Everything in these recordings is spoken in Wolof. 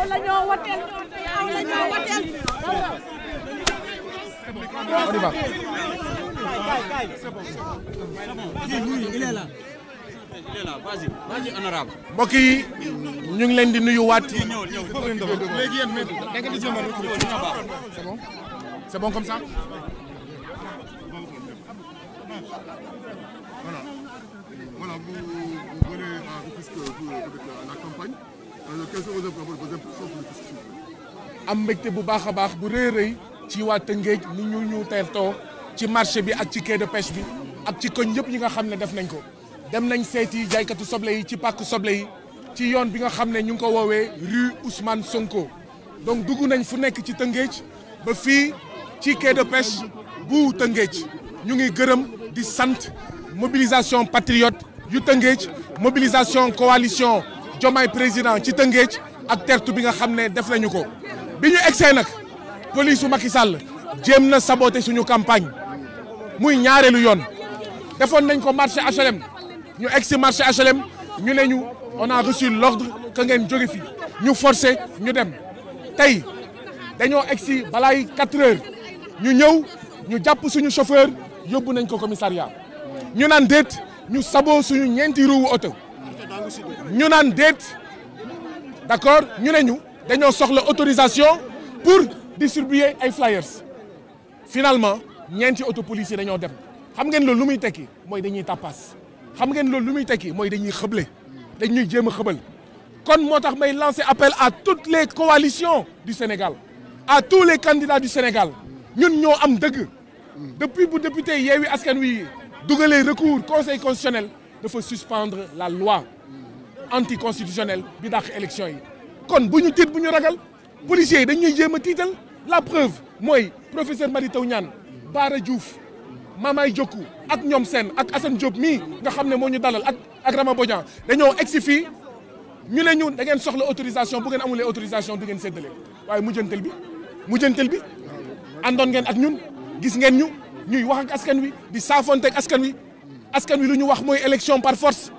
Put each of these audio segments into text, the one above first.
yow la ñoo wateel yow la ñoo wateel on y va mbokk yi ñu ngi leen di nuyuwaat c'est bon c'est bon comme ça voilà voilà vous vous venez à Rufisque pour la campagne am mbégte bu baax a baax bu rëy rëy ci waa Tëngéej ni ñu ñu teertoo ci marché bi ak ci quai de pêche bi ak ci koñ yëpp yi nga xam ne def nañ ko dem nañ seeti jaaykatu soble yi ci pàkku soble yi ci yoon bi nga xam ne ñu ngi ko woowee rue Ousmane Sonko donc dugg nañ fu nekk ci Tëngéej ba fii ci quai de pêche bu Tëngéej ñu ngi gërëm di sant mobilisation patriote yu Tëngéej mobilisation coalition Diomaye président ci Tëngéej ak tertu bi nga xam ne def nañu ko bi ñu egsee nag police su Macky Sall jéem na saboté suñu campagne muy ñaareelu yoon defoon nañ ko marché HLM ñu egsi marché HLM ñu ne ñu on a reçu l'ordre que ngeen jóge fi ñu forcé ñu dem tey dañoo egsi balaay 4 heures ñu ñëw ñu jàpp suñu chauffeur yóbbu nañ ko commissariat ñu naan déet ñu saboo suñu ñeenti ruuwu oto ñu naan déet d'accord ñu ne ñu dañoo soxla autorisation pour distribuer ay flyers finalement ñeenti auto police yi dem xam ngeen loolu lu muy tekki mooy dañuy tappaas xam geen loolu lu muy tekki mooy dañuy xëble dañuy jéem a xëbal kon moo tax may lancer appel à toutes les coalitions du Sénégal à tous les candidats du Sénégal ñun ñoo am dëgg depuis bu député Yewwi Askan Wi dugalee recours conseil constitutionnel dafa suspendre la loi anticonstitutionnel bi dàq élection yi kon bu ñu tiit bu ñu ragal policiers yi dañ ñuy jéem a tiital la preuve mooy professeur Mary ñaan Niane Bara Diouf Mamay Diokou ak ñoom seen ak Assane jóob mii nga xam ne moo ñu dalal ak ak Rama Bodian dañoo egsi fii ñu ne ñu da ngeen soxla autorisation bu ngeen amulee autorisation du ngeen séddale waaye mujjantel bi mujjantel bi àndoon ngeen ak ñun gis ngeen ñu ñuy wax ak askan wi di saafonteeg askan wi askan wi lu ñu wax mooy élection par force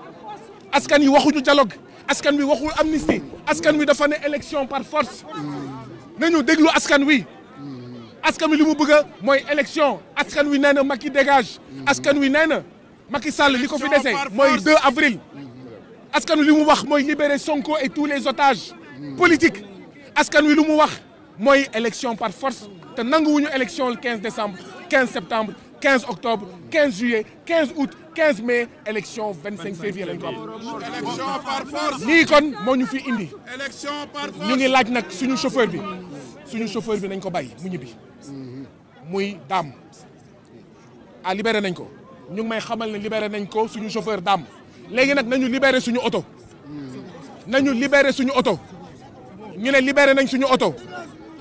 askan wi waxuñu dialogue askan wi waxul amnistie askan wi dafa ne élection par force nañu déglu askan wi askan wi li mu bëgg a mooy élection askan wi nee na maki dégage askan wi nee na maki Sall li ko fi dese mooy 2 avril askan wi li mu wax mooy libere Sonko et tous les otages politiques askan wi lu mu wax mooy élection par force te nanguwuñu élection le 15 décembre 15 septembre 15 octobre 15 juillet 15 août 15 mai élection 25 février lañ ko am lii kon moo ñu fi indi ñu ngi laaj nag suñu chauffeur bi suñu chauffeur bi nañ ko bàyyi mu ñibbi muy daam a ah, libéré nañ ko ñu ngi may xamal ne libéré nañ ko suñu chauffeur daam léegi nag nañu libéré suñu oto nañu libéré suñu oto ñu ne libéré nañ suñu oto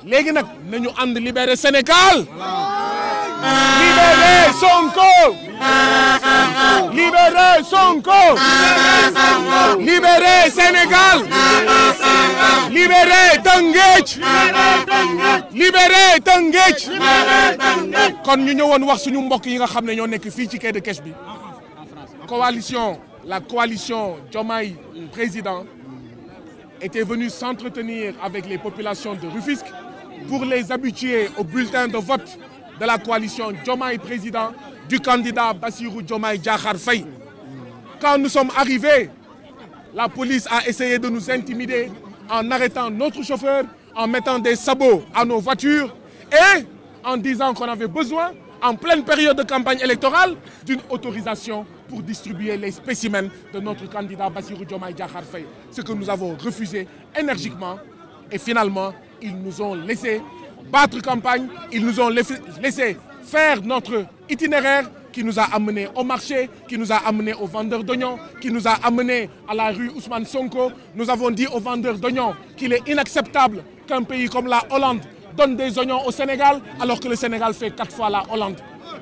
léegi nag nañu ànd libéré Sénégal Sonko libérez Sonko libérez Sénégal libérez Tëngéej libérez con kon ñu ñëwoon wax suñu mbokk yi nga xam ne ñoo nekk fii ci quai de Kech coalition la coalition Diomaye président était venue s'entretenir avec les populations de Rufisque pour les habituer au bulletin de vote de la coalition Diomaye Président du candidat Bassirou Diomaye Diakhar Faye. Quand nous sommes arrivés, la police a essayé de nous intimider en arrêtant notre chauffeur, en mettant des sabots à nos voitures et en disant qu'on avait besoin, en pleine période de campagne électorale, d'une autorisation pour distribuer les spécimens de notre candidat Bassirou Diomaye Diakhar Faye. Ce que nous avons refusé énergiquement et finalement, ils nous ont laissé battre campagne. Ils nous ont laissé faire notre itinéraire qui nous a amenés au marché, qui nous a amenés aux vendeurs d'oignons, qui nous a amenés à la rue Ousmane Sonko. Nous avons dit est inacceptable qu'un pays comme la Hollande donne des oignons au Sénégal alors que le Sénégal fait quatre fois la Hollande.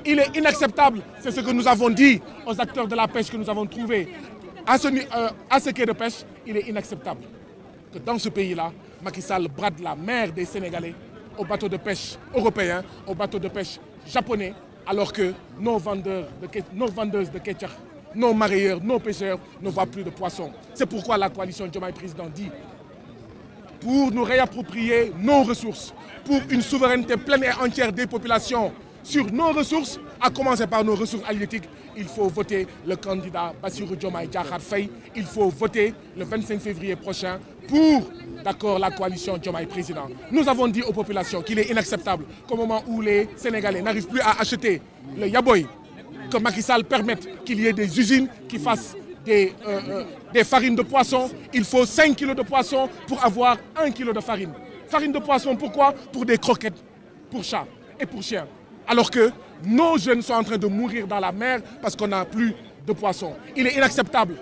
Il est inacceptable, c'est ce que nous avons dit aux acteurs de la pêche que nous avons trouvés à ce, euh, à ce quai de pêche. Il est inacceptable que dans ce pays-là, Macky Sall brade la mer des Sénégalais aux bateaux de pêche européens, de pêche japonais, alors que nos, vendeurs de, nos vendeuses de ketchup, nos marieurs, nos pêcheurs de poissons. C'est pourquoi la coalition Diomaye Président dit pour une souveraineté pleine et entière des populations sur nos ressources, à commencer par nos ressources halieutiques, faut voter le candidat Bassirou Diomaye Il faut voter le 25 février prochain pour d'accord la coalition Diomaye Président. Nous avons dit aux populations qu'il est inacceptable qu'au moment où les Sénégalais n'arrivent plus à acheter le yaboy, que Macky Sall qu'il y ait des usines qui fassent des, euh, euh, des farines de poisson. Il faut 5 kilos de poisson pour avoir 1 kilo de farine. Farine de poisson, pourquoi Pour des croquettes pour chats et pour chiens. Alors que nos jeunes sont en train de mourir dans la mer parce qu'on n'a plus de poisson. Il est inacceptable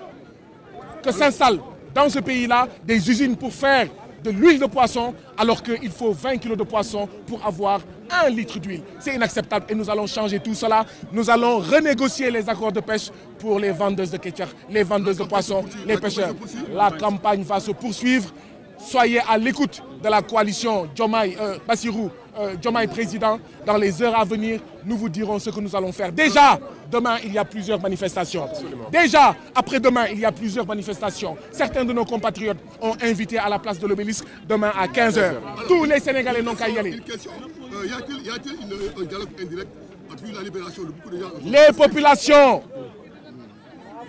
que s'installe dans ce pays-là des usines pour faire de l'huile de poisson alors qu'il faut 20 kilos de poisson pour avoir un litre d'huile. C'est inacceptable et nous allons changer tout cela. Nous allons renégocier les accords de pêche pour les vendeuses de ketchup, les vendeuses de poissons, les pêcheurs. La campagne va se poursuivre. Soyez à l'écoute de la coalition Diomaye euh, Bassirou euh, président dans les heures à venir nous vous dirons ce que nous allons faire déjà demain il y a plusieurs manifestations déjà après-demain il y a plusieurs manifestations certains de nos compatriotes ont invité à la place de l'obélisque demain à 15 heures tous les Sénégalais n'ont qu'à y aller euh, y a-t-il y a-t-il un dialogue les populations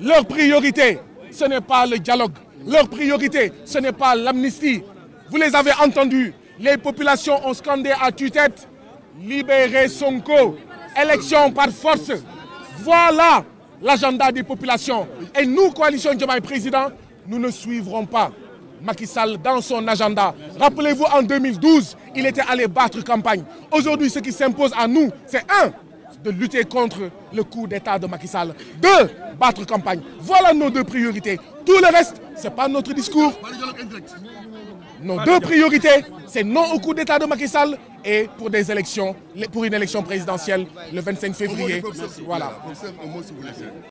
leur priorité ce n'est pas le dialogue leur priorité ce n'est pas l'amnistie Vous les avez entendus. Les populations ont scandé à tue-tête Libérez Sonko, élection par force. Voilà l'agenda des populations. Et nous, coalition Diomaye Président, nous ne suivrons pas Macky Sall dans son agenda. Rappelez-vous, en 2012, il était allé battre campagne. Aujourd'hui, ce qui s'impose à nous, c'est un, de lutter contre le coup d'État de Macky Sall. Deux, battre campagne. Voilà nos deux priorités. Tout le reste, ce n'est pas notre discours. Nos deux priorités, c'est non au Sall pour des élections, pour une élection présidentielle le 25 février. Voilà.